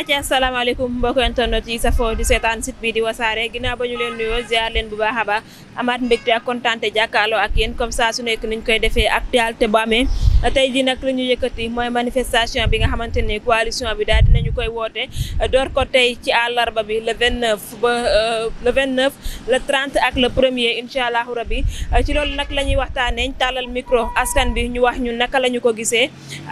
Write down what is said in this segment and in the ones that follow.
acca asalaamaaleykum mbokki internet yi safoo di seetaan site bi di wasaare ginnaaw ba ñu leen nuyoo ziar leen bu baax a baax nekk niñ koy defee actualité bu amee tey jii nag li ñu yëkkati mooy manifestation bi nga xamante ni coalition bi daal dinañu koy woote door ko tey ci àllarba bi le 29 ba euh, le 29 le 30 ak le premier incha allahu rabi ci loolu nag la ñuy waxtaanee tàllal micro askan bi ñu wax ñu naka la ñu ko gisee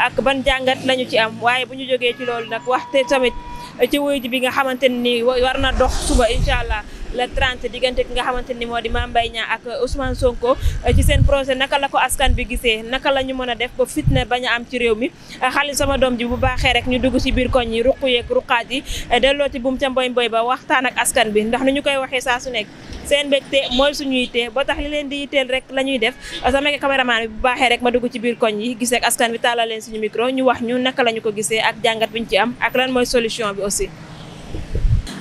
ak ban jàngat la ci am waaye bu ñu jógee ci loolu nag waxte tamit ci wuyu ji bi nga xamante ni war na dox suba incha allah le 30 diggante ki nga xamante ni moo di Mame Mbaye Niang ak Ousmane Sonko eh, ci seen projet naka la ko askan bi gisee naka la ñu mën a def ba fitna bañ a am ci réew mi eh, xali sama doom ji bu baaxee rek ñu dugg ci biir koñ yi ruq yeeg ruqaat yi eh, dellooti bu mu ca mboy mboy ba waxtaan ak askan bi ndax ni ñu koy waxee saa su nekk seen mbégte mooy suñu yitte ba tax li leen di yitteel rek la ñuy def sama caméraman bi bu baaxee rek ma dugg ci biir koñ yi gisee askan bi tàllal suñu micro ñu wax ñu naka la ñu ko gisee ak jàngat bi ñu ci am ak lan mooy solution bi aussi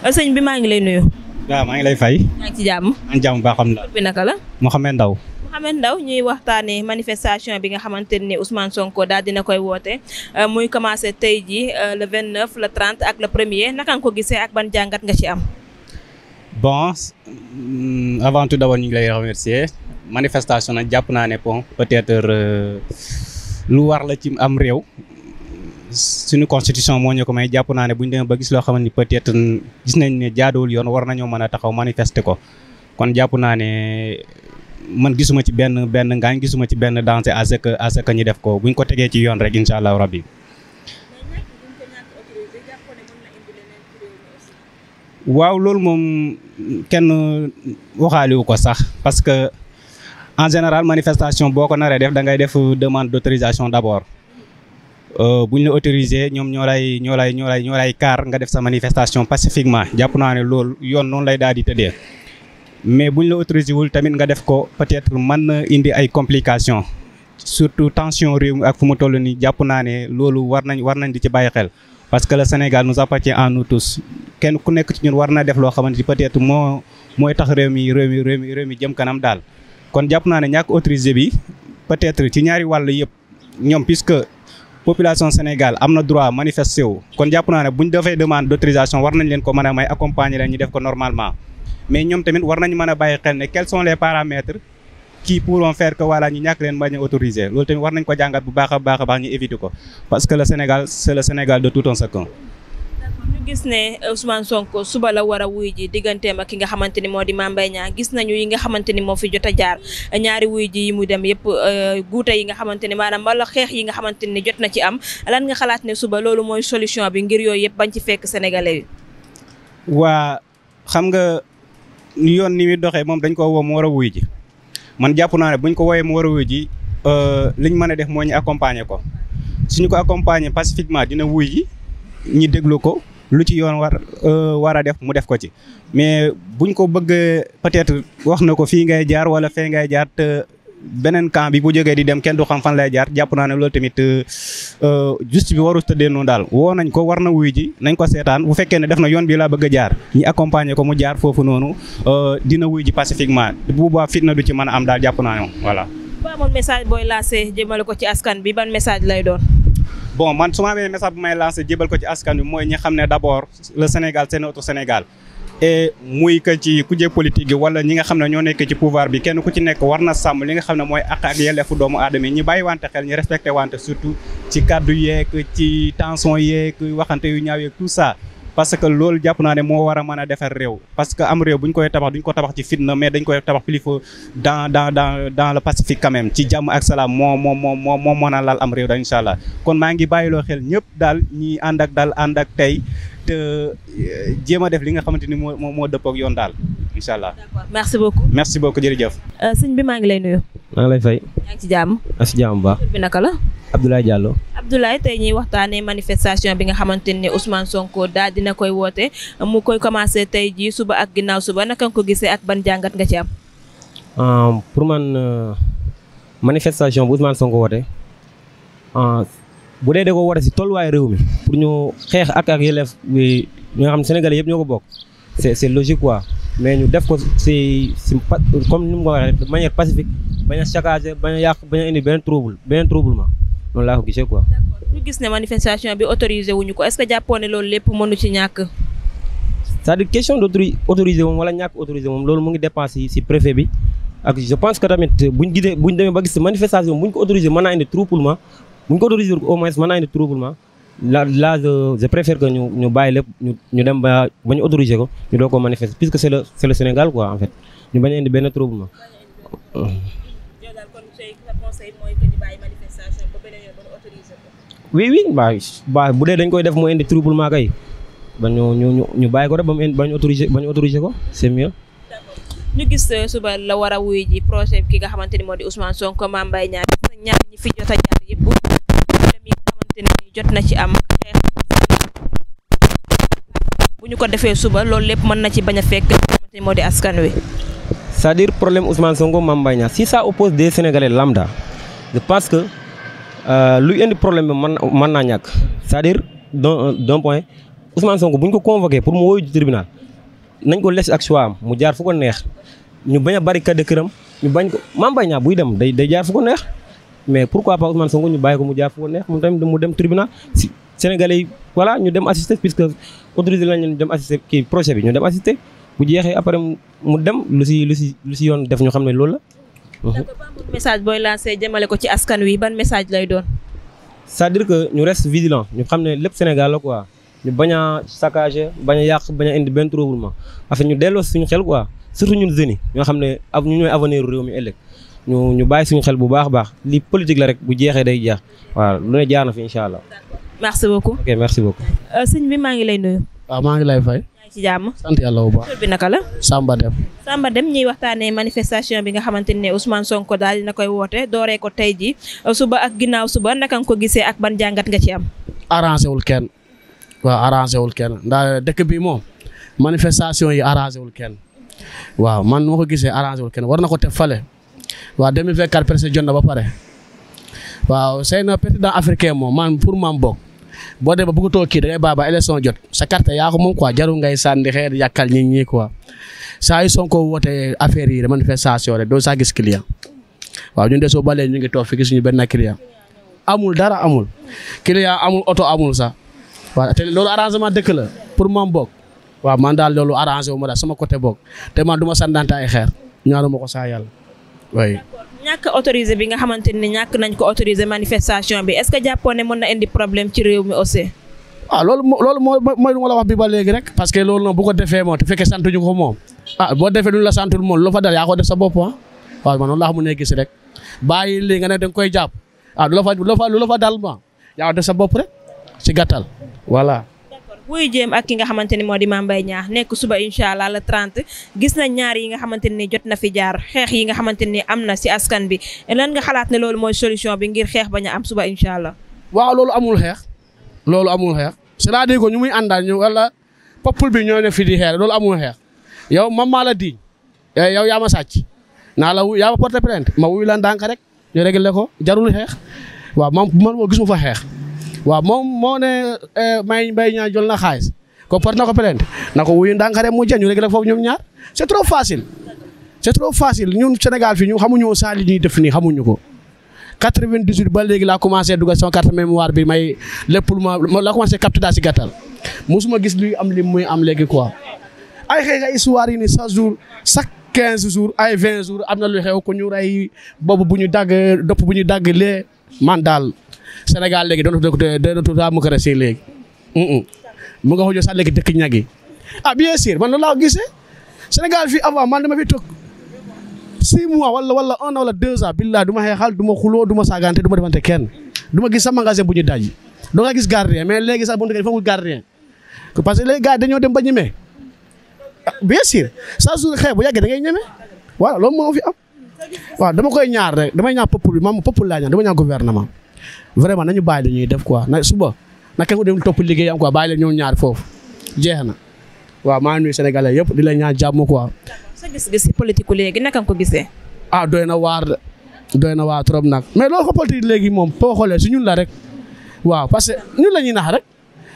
sëñ bi maa ngi lay nuyu waaw maa ngi lay fay. maa ngi ci jàmm. maa ngi jàmm baax alhamdulilah. tur bi Ndaw. ñuy waxtaanee manifestation bi nga xamante ne Ousmane Sonko daal dina koy woote euh, muy commencé tey ji euh, le 29 le 30 ak le premier naka nga ko gisee ak ban jàngat nga ci am. bon mm, avant tout d'abord ñu ngi lay remercier manifestation nag jàpp naa ne bon peut-être euh, lu war la ci am réew suñu constitution moo ñu ko may jàpp naa ne bu ñu demee ba gis loo xamante ni peut gis nañ ne jaaduwul yoon war nañoo mën a taxaw manifester ko kon jàpp naa ne man gisuma ci benn benn ngaañ gisuma ci benn danger à ce que à ñu def ko buñ ko tegee ci yoon rek incha allah rabbi waaw loolu moom kenn waxaaliwu ko sax parce que en général manifestation boo ko naree def da ngay def demande d' autorisation d' abord Euh, bu ñu la autorisé ñoom ñoo lay ñoo lay ñoo lay ñoo lay kaar nga def sa manifestation pacifiquement jàpp naa loolu yoon noonu lay daal tëddee mais bu ñu la autorisé wul tamit nga def ko peut-être mën na indi ay complications surtout tension réew mi ak fu mu toll nii jàpp naa ne loolu war nañ war nañ di ci bàyyi xel. parce que le Sénégal sax appartient à nous tous kenn ku nekk ci ñun war na def loo xamante ni peut-être moo mooy tax réew mi réew mi réew mi réew mi jëm kanam daal kon jàpp naa bi peut-être ci ñaari wàll yëpp population Sénégal am na droit manifester wu kon jàpp naa ne bu ñu defee demande d' war nañ leen ko mën a may accompagner leen ñu def ko normalement mais ñoom tamit war nañ mën a bàyyi xel ne quels sont les paramètres qui pourront faire que ñu ñàkk leen bañ a autoriser loolu tamit war nañ ko jàngat bu baax a baax a baax ñu éviter ko parce que le Sénégal c' est le Sénégal de tout un chacun gis ne Ousmane Sonko suba la war a wuy ji digganteem ak ki nga xamante ni moo di Mame ñaa gis nañu yi nga xamante ni moo fi jot a jaar ñaari wuy ji yi mu dem yëpp euh, guute yi nga xamante ni maanaam wala xeex yi nga xamante ni jot na ci am lan nga xalaat ne suba loolu mooy solution bi ngir yooyu yëpp bañ ci fekk sénégalais yi. waa xam nga yoon ni muy doxee moom dañ ko woo mu war wuy ji man jàpp naa ne buñ ko woowee mu war a wuy ji euh, liñ mën a def moo ñu accompagner ko suñu ko accompagner pacifiquement dina wuy ji ñi déglu ko lu ci yoon war euh, war a def mu def ko ci mais buñ ko bëgg peut-être wax na ko fii ngay jaar wala fee ngay jaar te beneen camp bi bu jegee di dem kenn du xam fan lay jaar jàpp naa ne loolu tamit euh, euh, juste bi waru tëddee noonu daal woo nañ ko war na wuy ji nañ ko seetaan bu fekkee ne def na yoon bi laa bëgg jaar ñi accompagner ko mu jaar foofu noonu dina wuy ji pacifiquement bu boobaa fitna du ci mën a am daal jàpp naa ne voilà. bu message booy lancé jëmale ko ci askan bi ban message lay doon. bon man su ma amee message bu may lancé jébal ko ci askan wi mooy ñi xam ne d'abord le Sénégal c'est notre Sénégal e muy que ci ku kujje politique yi wala ñi nga xam ne ñoo nekk ci pouvoir bi kenn ku ci nekk war na sàmm li nga xam ne mooy àq ak yelleefu doomu aadama yi ñi bàyyi wante xel ñu respecté wante surtout ci kàddu yeeg ci tension yeek waxante yu ñaaw yeeg tout ça parce que loolu jàpp naa ne moo war a mën a defar réew parce que am réew bu koy tabax duñ ko tabax ci fitna mais dañ koy tabax plutôt dans dans dans dans le pacifique quand même ci jàmm ak salaam moo moo moo moo moo mën a laal am réew da incha allah kon maa ngi bàyyiloo xel ñëpp daal ñi ànd ak daal ànd ak tey te eh, jéem a def li nga xamante ni moo moo dëppoo yoon daal incha allah. merci beaucoup merci beaucoup jërëjëf. Euh, sëñ bi maa ngi lay nuyu. maa ngi lay fay. yaa ngi ci jàmm. yaa ngi ci jàmm bu naka la. Abdoulaye Diallo. Abdoulaye tey ñiy waxtaanee manifestation bi nga xamante ne Ousmane Sonko daal dina koy woote mu koy commencé tey jii suba ak ginnaaw suba naka nga ko gisee ak ban jàngat nga ci am. Euh, pour man euh, manifestation bu Ousmane Sonko woote bu dee da ko woote si tolluwaay réew mi pour ñu xeex ak ak yelleef ñoo xam ne Sénégalais yëpp ko bokk c'est logique quoi. mais ñu def ko si si comme ni mu ko waxee de manière pacifique bañ a saccager bañ a yàq bañ a indi benn trouble benn troublement noonu laa ko gisee quoi. gis ne manifestation bi autorisé wuñu ko est-ce que jàppoo ne loolu lépp mënu ci ñàkk. c'est-à-dire moom wala ñàkk autorisé moom loolu mu ngi dépend si si préfet bi ak je pense que tamit buñ gisee buñ demee ba gis manifestation buñ ko autorisé mën a indi troublement buñ ko autorisé au moins mën naa indi troublement. là la je préfère que ñu ñu bàyyi lépp ñu ñu dem ba ba ñu autoriser ko ñu doo ko manifester puisque c'est le c'est le Sénégal quoi en fait ñu bañ a indi benn trouble oui oui waaw waaw bu dee dañ koy def mooy indi troublement kay ba ñu ñu ñu bàyyi ko rek ba mu indi ñu autorisé ko c'est mieux. ñu gis euh, suba la war a wuy ji projet ki nga xamante ni moo di Ousmane Sonko Mame Mbaye Niang ñaar ñi fi jot a jaar yëpp xamante ne jot na ci am xeex bu ñu ko defee suba loolu lépp mën na ci bañ a fekk xamante ni moo di askan wi. cest à problème Ousmane Sonko Mame Mbaye Niang si ça oppose des Sénégalais lambda je pense euh, luy indi problème bi mën mën naa ñàkk c'est-à-dire d'un point Ousmane Sonko bu ko convoqué pour mu woyu ci tribunal nañ ko les ak choix am mu jaar fu ko neex ñu bañ a barricade këram ñu bañ ko Mame Mbaye buy dem day day jaar fu ko neex. mais pourquoi pas Ousmane Sonko ñu bàyyi ko mu jaar fu ko neex moom tamit mu dem tribunal si Sénégalais yi voilà ñu dem assister puisque autorisé nañ dem assister kii projet bi ñu dem assister bu jeexee après mu dem lu si lu si lu si yoon def ñu xam ne loolu la. message booy lancé jëmale ko ci askan wi ban message lay doon. c'est-à-dire que ñu rest vigilant ñu xam ne lépp Sénégal la quoi ñu bañ a saccager bañ a yàq bañ a indi benn troublement ñu delloo suñu xel quoi surtout ñun jeunes yi ñoo xam ne ñu ñooy avenir réew mi ëllëg. ñu ñu bàyyi suñu xel bu baax a baax ni politique la rek bu jeexee day jeex waaw lu ne jaar na fi incha allah. merci beaucoup ok merci euh, bi maa ngi lay nuyu. waaw maa ngi lay fay. ci jàmm sant yàlla bu baax bi naka la. Samba Dem. Samba Dem ñuy waxtaanee manifestation bi nga xamante ne Ousmane Sonko daal na koy woote dooree ko tey jii euh, suba ak ginnaaw suba naka nga ko gisee ak ban jàngat nga ci am. arrangé wul kenn waaw arrangé wul kenn ndax dëkk bi moom manifestation yi arrangé wul kenn waaw man moo ko gisee arrangé wul kenn war na ko teg waaw 2024 presque jot na ba pare waaw sëy na président africain moom man pour man bokk boo demee bu ko toog kii da ngay jot sa carte yaa ko moom quoi jarul ngay sànni xeer yàkkal ñi ñi quoi saa yu Sonko wootee affaire yi manifestation rek doo saa gis client waaw ñun de soo balee ñu ngi toog fi gisuñu benn client amul dara amul client amul oto amul sax waaw te loolu arrangement dëkk la pour man bokk man daal loolu arrangé wu ma daal sama côté bokk te man du ma sànnante ay xeer ñaanu ma ko saa waaye. ñàkk autorisé bi nga xamante ni ñàkk nañ ko autorisé manifestation bi est-ce que jàppoo ne mën na indi problème ci réew mi aussi. ah loolu loolu mooy lu ma la wax bi ba léegi rek parce que loolu noonu bu ko defee moom te fekkee santuñu ko moom ah boo defee lu la santul moom loo fa dal yaa ko def sa bopp ah waaw man loolu laa xam ne koy jàpp ah lu la fa la fa dal ma ah, yaa ko def sa bopp rek si gàttal voilà. wuy jéem ak ki nga xamante ni moo di Mame Mbaye Niang nekk suba incha allah le 30 gis nañ ñaar yi nga xamante ni jot na fi jaar xeex yi nga xamante ni am na si askan bi lan nga xalaat ne loolu mooy solution bi ngir xeex bañ a am suba incha allah. waaw loolu amul xeex loolu amul xeex c'est-à-dire que ñu muy àndal wala peuple bi ñoo ne fi di xeex loolu amul yow mam maa la diñ eh, yow yaa ma sàcc naa la yaa ma porté plainte ma wuy la ndànk rek ñu réglé ko jarul xeex waaw man man gisuma fa xeex. waaw moom moo ne eh, Mbaye Mbaye ñaa jol na xaalis ko porte na ko plainte na ko wuyu ndànk rek mu jënd ñu réglé foofu ñoom ñaar c' est trop facile. c' est trop facile Sénégal fii ñu xamuñu woon saa li ñuy def nii xamuñu ko 98 ba léegi la commencé dugal sama carte mémoire bi may lépp lu ma la commencé capté daal si gàttal mosuma gis luy am li muy am léegi quoi. ay xëy nga histoire yi ni chaque jours chaque 15 jours ay jours am na lu xew ku ñu bob bu ñu dagg dopp bu ñu dagg lee man daal. Sénégal léegi doon doon démocratie léegi. mu nga xoojo sax léegi dëkk ñag yi ah bien sûr man loolu laa ko gisee Sénégal fii avant man dama fi toog six mois wala wala un an wala deux ans billaay du ma xeexal du ma xuloo du ma saagante du ma defante kenn du gis sama magasin bu ñu daj doo nga gis gardien mais léegi sax bu ñu defee gardien parce que léegi gars dañoo dem ba ñemee ah, bien sûr saa su bu yàggee da ngay ñeme voilà loolu moo fi am waaw dama koy ñaar rek damay ñaar peuple bi maam peuple laa ñaan dama ñaar gouvernement. vraiment nañu bàyyi lu ñuy def quoi na suba na kenn ku dem topp liggéeyam quoi bàyyi la ñaar foofu jeex na waaw maa ngi nuyu sénégalais yëpp di la ñaan jàmm quoi. sa gis-gis léegi naka nga ko gisee. ah doy na waar de doy na nag mais loolu léegi moom boo xoolee si ñun la rek waaw parce que ñun la ñuy nax rek.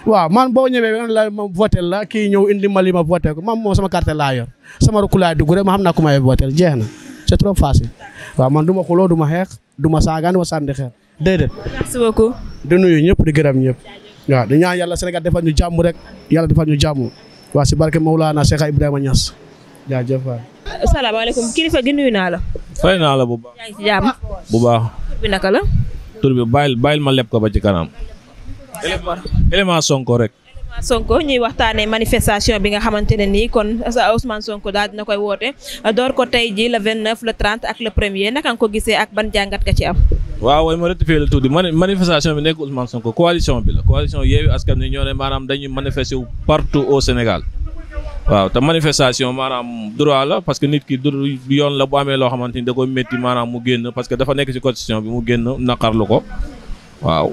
waaw man boo ñëwee la ma voté la kii ñëw indi ma li ma voté man moom sama carte laa yor sama rukk laa dugg rek ma xam naa ku may jeex na c'est trop facile waaw man du ma xuloo du ma xeex du ma saagaan du ma sànni xeer déedéet. merci beaucoup. di ñëpp di gërëm ñëpp. waaw di yàlla Sénégal defal ñu jàmm rek yàlla defal ñu jàmm waa si barke Mawlana Cheikh Ibrahima Niass jaajëf waay. asalaamaaleykum kilifa gi nuyu naa la. fay naa la bu baax. yaa bu baax. tur bi naka la. tur bàyyil ma leb ko ba ci kanam. élément Sonko rek. élément ñuy waxtaanee manifestation bi nga xamante ne nii kon Ousmane Sonko daal dina koy woote door ko tey ji le 29 le 30 ak le premier naka nga ko gisee ak ban jàngat ka ci am. waaw mooy ma rectifier la tuuti mani manifestation bi nekkul Ousmane Sonko coalition bi la coalition Yewwi Askan Wi ñoo ne maanaam dañuy manifester wu partout au Sénégal waaw te manifestation maanaam droit la parce que nit ki du yoon la bu amee loo xamante ni da ko métti maanaam mu génn parce que dafa nekk ci constitution bi mu génn naqarlu ko waaw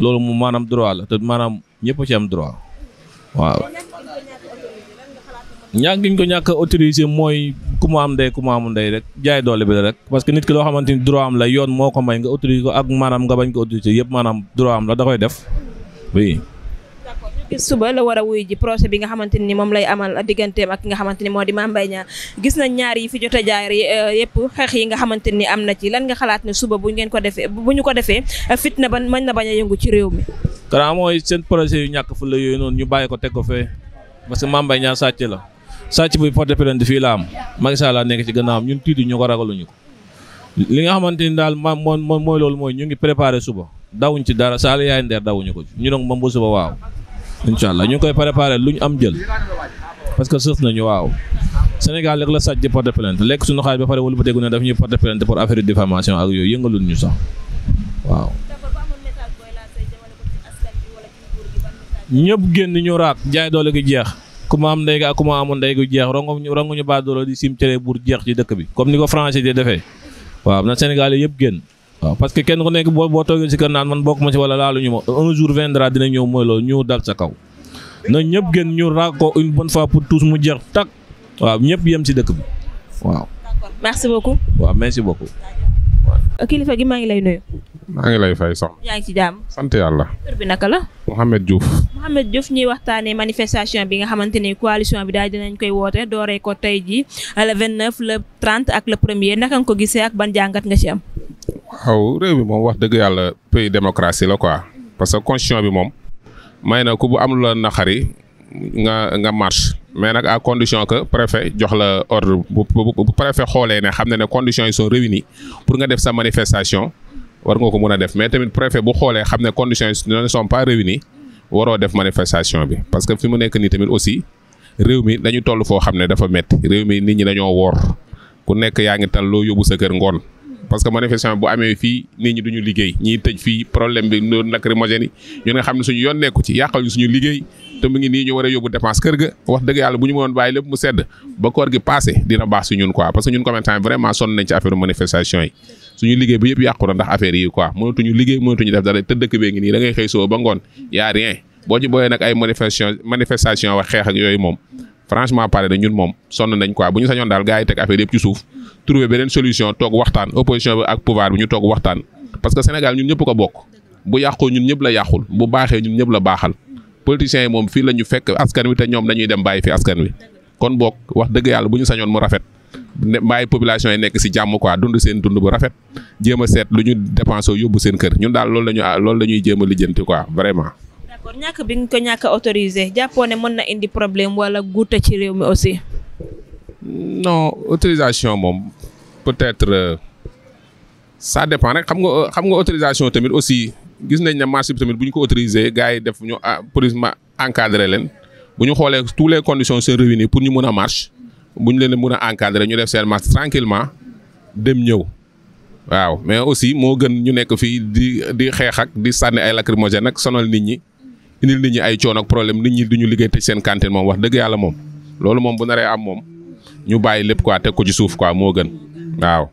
loolu moom maanaam droit la te maanaam ñëpp ci am droit waaw. ñàkk ñu ko ñàkk a autorisé mooy ku mu am ndey ku mu amul rek jaay doole bi la rek parce que nit loo xamante ni droit am la moo ko may nga autorisé ko ak maanaam nga bañ ko autorisé yëpp maanaam droit am la da koy def suba la war a wuy ji procès bi nga xamante ni moom lay amal digganteem ak ki nga xamante ni moo di Mame Mbaye Niang gis ñaar yi fi jot a jaar yëpp euh, xeex yi nga xamante ni am na ci lan nga xalaat ne suba bu ngeen ko defee bu ñu ko defee fitna ban mën na bañ a yëngu ci réew mi. kanam mooy seen projet yu ñàkk fu la yooyu noonu ñu bàyyi ko teg ko fee parce que Mame Mbaye Niang sàcc la sàcc buy porté plainte fii la am Macky Sall laa nekk ci gannaawam ñun tiitu ñu ko ragaluñu ko li nga xamante ni daal ma moom mooy loolu mooy ñu ngi préparé suba dawuñ ci dara Sall yaay ndeer dawuñu ko ñu donc moom ba suba waaw incha allah ñu ngi koy préparé lu ñu am jël parce que sëf nañu waaw Sénégal rek la sàcc di porté plainte lekk suñu xaalis ba pare wala ba tegu ne daf ñuy porté plainte pour affaire diffamation ak yooyu yëngalul ñu sax waaw ñëpp génn ñu raak jaay doole jeex ku ma am ndey ga ak ku ma amul ndey gu jeex ronguñu ronguñu baadoolo di sim cere buur jeex ci dëkk bi comme ni ko français di defee waaw na Sénégal yëpp génn waaw parce que kenn ku nekk boo boo toogee si kër naan man bokk ma si wala laaluñu ma un jour viendra dina ñëw mooy ñu dal sa kaw na ñëpp génn ñu raak ko une bonne fois pour tous mu jeex tak waaw ñëpp yem si dëkk bi waaw. merci beaucoup. waaw merci Euh, kilifa gi maa ngi lay nuyu. maa ngi lay fay soxna. yaa ngi ci jàmm. sant yàlla. tur bi naka la. Mouhamed Diouf. Mouhamed ñuy waxtaanee manifestation bi nga xamante ni coalition bi daal dinañ koy woote dooree ko tey jii euh, le 29 le 30 ak le premier naka nga ko gisee ak ban jàngat nga ci am. waaw réew mi moom wax dëgg yàlla pays démocratie la quoi parce que constitution bi moom. may na ku bu amul lu la naqari nga nga marche mais nag à condition que préfet jox la ordre bu bu préfet xoolee ne xam na ne conditions yi sont réunies pour nga def sa manifestation war nga ko mën a def mais tamit préfet bu xoolee xam ne conditions yi ne sont pas réunies waroo def manifestation bi parce que fi mu nekk nii tamit aussi réew mi dañu toll foo xam ne dafa métti réew mi nit ñi dañoo woor ku nekk yaa ngi tal loo yóbbu sa kër ngoon. parce que manifestation bu amee fii nit ñi duñu liggéey ñiy tëj fii problème bi noonu lacrymogène yi ñun nga xam ne suñu yoon nekku ci yàqal suñu liggéey te mu ngi nii ñu war a yóbbu dépense kër ga wax dëgg yàlla bu ñu mënoon bàyyi lépp mu sedd ba koor gi passé dina baax si ñun quoi parce que ñun commerçant vraiment sonn nañ ci affaire manifestation yi bu ñu sañoon daal gars yi teg affaire yëpp ci suuf trouver beneen solution toog waxtaan opposition bi ak pouvoir bi ñu toog waxtaan parce que Sénégal ñun ñëpp ko bokk bu yàqoo ñun ñëpp la yàqul bu baaxee ñun ñëpp la baaxal politiciens yi moom fii la ñu fekk askan wi te ñoom dañuy dem bàyyi fi askan wi kon boog wax dëgg yàlla bu ñu sañoon mu rafet bàyyi population yi nekk ci jàmm quoi dund seen dund bu rafet jéem a seet lu ñu dépensé yóbbu seen kër ñun daal loolu la ñu la ñuy jéem a lijjanti quoi vraiment. d'accord ñàkk bi nga ko ñàkk autorisé jàppoo ne mën na indi problème wala guuta ci non autorisation moom peut-être euh, ça dépend rek xam nga euh, xam nga autorisation tamit aussi gis nañ ne marché bi tamit bu ñu ko autorisé gars yi def ñu ah, police ma encadré leen bu ñu xoolee tous les conditions sont réunies pour ñu mën a marche bu ñu leen mën a encadré ñu def seen marche tranquillement dem ñëw waaw mais aussi moo gën ñu nekk fii di di xeex ak di sànni ay lacrymogène nag sonal nit ñi indi nit ñi ay coono ak problème nit ñi du ñu liggéey tëj seen cantine moom wax dëgg yàlla moom loolu moom bu naree am moom. ñu bàyyi lépp a teg ko ci suuf quoi moo gën waaw.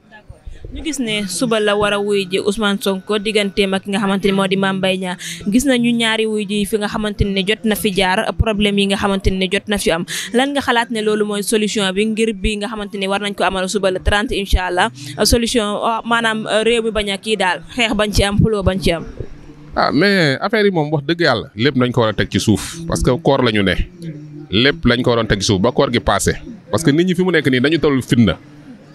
ñu gis ne suba la war a wuy ji son Sonko digganteem ak ki nga xamante ni moo di Mame Mbaye Niang gis nañu ñaari wuy ji fi nga xamante ne jot na fi jaar problème yi nga xamante ne jot na fi am lan nga xalaat ne loolu mooy solution bi ngir bi nga xamante ne war nañ ko amal suba la 30 incha allah solution oh, maanaam euh, réew mi bañ a kii daal xeex bañ ci am xuloo bañ ci am. ah mais affaire yi moom wax dëgg yàlla lépp lañ ko a teg ci suuf parce que koor la ñu ne lépp lañ ko waroon teg ci ba koor gi passé. parce que nit ñi fi mu nekk nii dañu toll fitna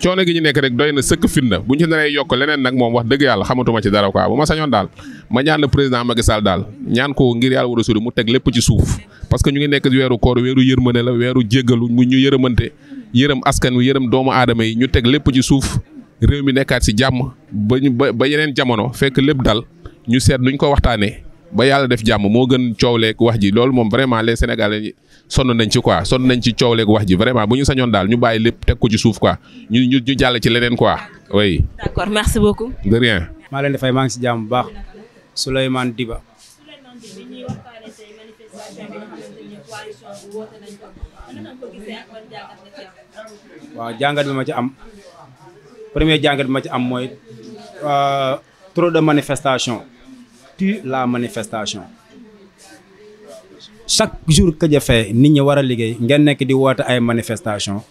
coono gi ñu nekk rek doy na sëkk fitna bu ñu ci naree yokk leneen nag moom wax dëgg yàlla xamatuma ci dara quoi bu ma sañoon daal ma ñaan le président Macky Sall daal ñaan ko ngir yàlla war a sori mu teg lépp ci suuf parce que ñu ngi nekk weeru koor weeru yërmande la weeru jéggalu mu ñu yërëmante yërëm askan wi yërëm doomu aadama yi ñu teg lépp ci suuf réew mi nekkaat si jàmm ba ñu ba yeneen jamono fekk lépp dal ñu seet nuñ ko waxtaanee ba yàlla def jàmm moo gën coow coowleeg wax ji loolu moom vraiment les sénégalais sonn nañ ci quoi sonn nañ ci coowleeg wax ji vraiment bu ñu sañoon daal ñu bàyyi lépp teg ko ci suuf quoi ñu ñu ñu jàll ci leneen quoi oui. d'accord merci beaucoup. de rien. maa leen di fay maa ngi si jàmm bu baax jàngat bi ma ci am premier jàngat bi ma ci am mooy euh, trop de manifestation. tue la manifestation chaque jour que jëfee nit ñi war a liggéey ngeen nekk di woote ay manifestation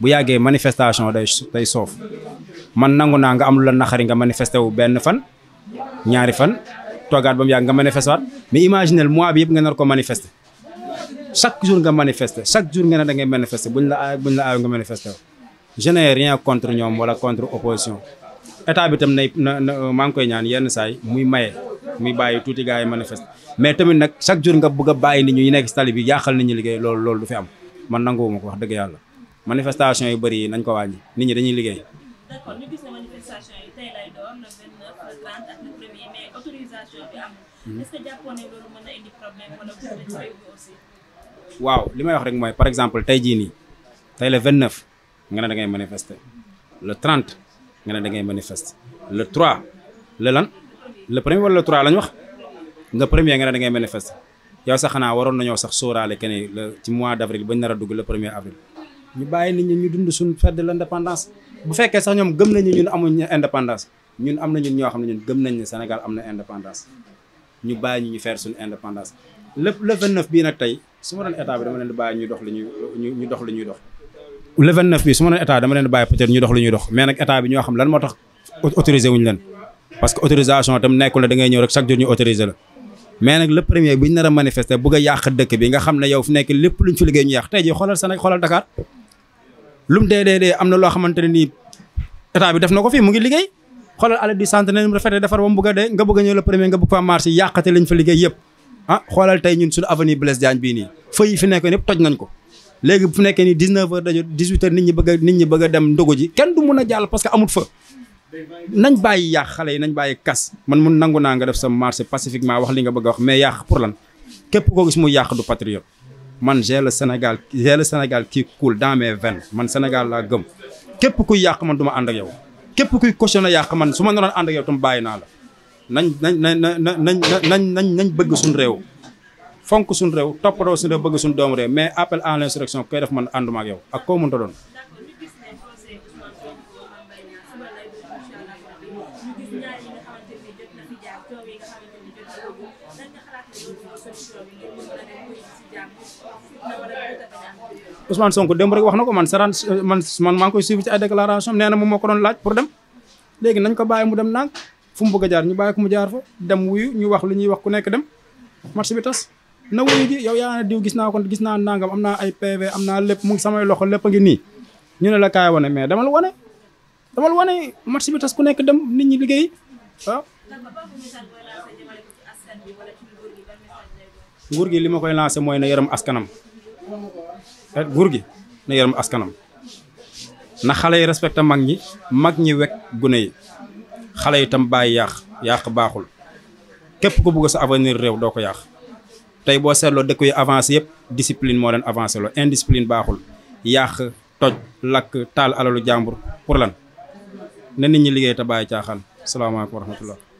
bu yàggee manifestation day day soof man nangu naa nga am lu la naxari nga manifesté wu benn fan ñaari fan toogaat ba mu yàgg nga manifesté waat mais imaginel mois bi yëpp nga nar ko manifester chaque jour nga manifester chaque jour nga ne da ngay manifester buñ la aay buñ la aay nga manifesté wu rien contre ñoom wala contre opposition état bi tam na maa ngi koy ñaan yenn saay muy maye. muy bàyyi tuuti gars yi manifeste mais tamit nag chaque jour nga bëgg a bàyyi nit ñu nekk si tali bi yàqal nit liggéey loolu loolu du fi am man nanguwuma ko wax dëgg yàlla manifestation yu bëri yi nañ ko wàññi nit ñi dañuy liggéey. d'accord hmm. waaw li may wax rek mooy par exemple tey jii nii tey le 29 nga ne da ngay manifester le 30 nga ne da ngay manifester le le premier wala le trois lañ wax le premier nga ne da ngay manifester yow sax xanaa waroon nañoo sax sóoraale keneen ci mois d' avril bañ nar a dugg le premier avril. ñu bàyyi nit ñi ñu dund suñu fête de l' bu fekkee sax ñoom gëm nañu ñun amuñu indépendance ñun am na ñun ñoo xam ne ñun gëm nañ ne Sénégal am na indépendance ñu bàyyi ñu ñu faire suñu indépendance. lépp le 29 bii nag tey su ma doon bi dama leen bàyyi ñu dox li ñuy ñu dox li dox. le ñu dox li ñuy dox mais nag état bi ñoo xam leen parce que autorisation tam nekkul ne da ñëw rek chaque jour ñu autoriser la mais nag le premier bu ñu nar a manifester bëgg a yàq dëkk bi nga xam ne yow fi nekk lépp luñ ñu yàq na loo xamante ne nii bi def na ko ngi liggéey xoolal àll du centre nañu rafetee defar ba mu bëgg a dee nga bëgg a ñëw le premier nga bëgg fa marché yàqate lañ fa liggéey yëpp ah xoolal tey ñun suñu avenue Blaise Diagne bii nii feu yi fi nekkoon toj nañ ko léegi bu nekkee nii 19 heures dañu nit ñi bëgg nit ñi bëgg a que nañ bàyyi yàq xale yi nañ bàyyi kas man mun nangu naa nga def sa pacifique pacifiquement wax li nga bëgg a wax mais yàq pour lan képp koo gis mu yàq du patriote man j'ai le Sénégal j'ai le Sénégal qui coule dans mes man Sénégal laa gëm képp kuy yàq man duma ànd ak yow képp kuy cautionné yàq man su ma naroon ànd ak yow tam bàyyi naa la nañ nañ nañ nañ nañ nañ nañ bëgg suñu réew fonk suñu réew toppatoo suñu réew bëgg suñu doomu réew mais appel à l'insurrection koy def man ànduma ak yow ak Ousmane Sonko démb rek wax na ko man saraan man man maa ngi koy suivre ci ay déclaration nee na moom moo ko doon laaj pour dem léegi nañ ko bàyyi mu dem nànk fu mu bëgg a jaar ñu bàyyi ko mu jaar fa dem wuyu ñu wax lu ñuy wax ku nekk dem match bi tas na wuyu ji yow yaa ne diw gis naa ko gis naa nangam am naa ay PV am naa lépp mu samay loxo lépp a ngi nii ñu ne la kaay wane mais dama la wane dama la wane match bi tas ku nekk dem nit ñi liggéey waaw ah. li ma koy lancé mooy na yaram askanam Eh, nguur gi na yërëm askanam na xale yi respecté mag ñi mag ñi wekk gune yi xale yi tam bàyyi yàq yàq baaxul képp ku bugg sa avenir réew doo ko yàq tey boo seetloo dëkk yi avancé yëpp discipline moo leen avancé loo indiscipline baaxul yàq toj lakk taal alalu jàmbur pour lan ne nit ñi liggéey te bàyyi caaxaan salaamaaleykum wa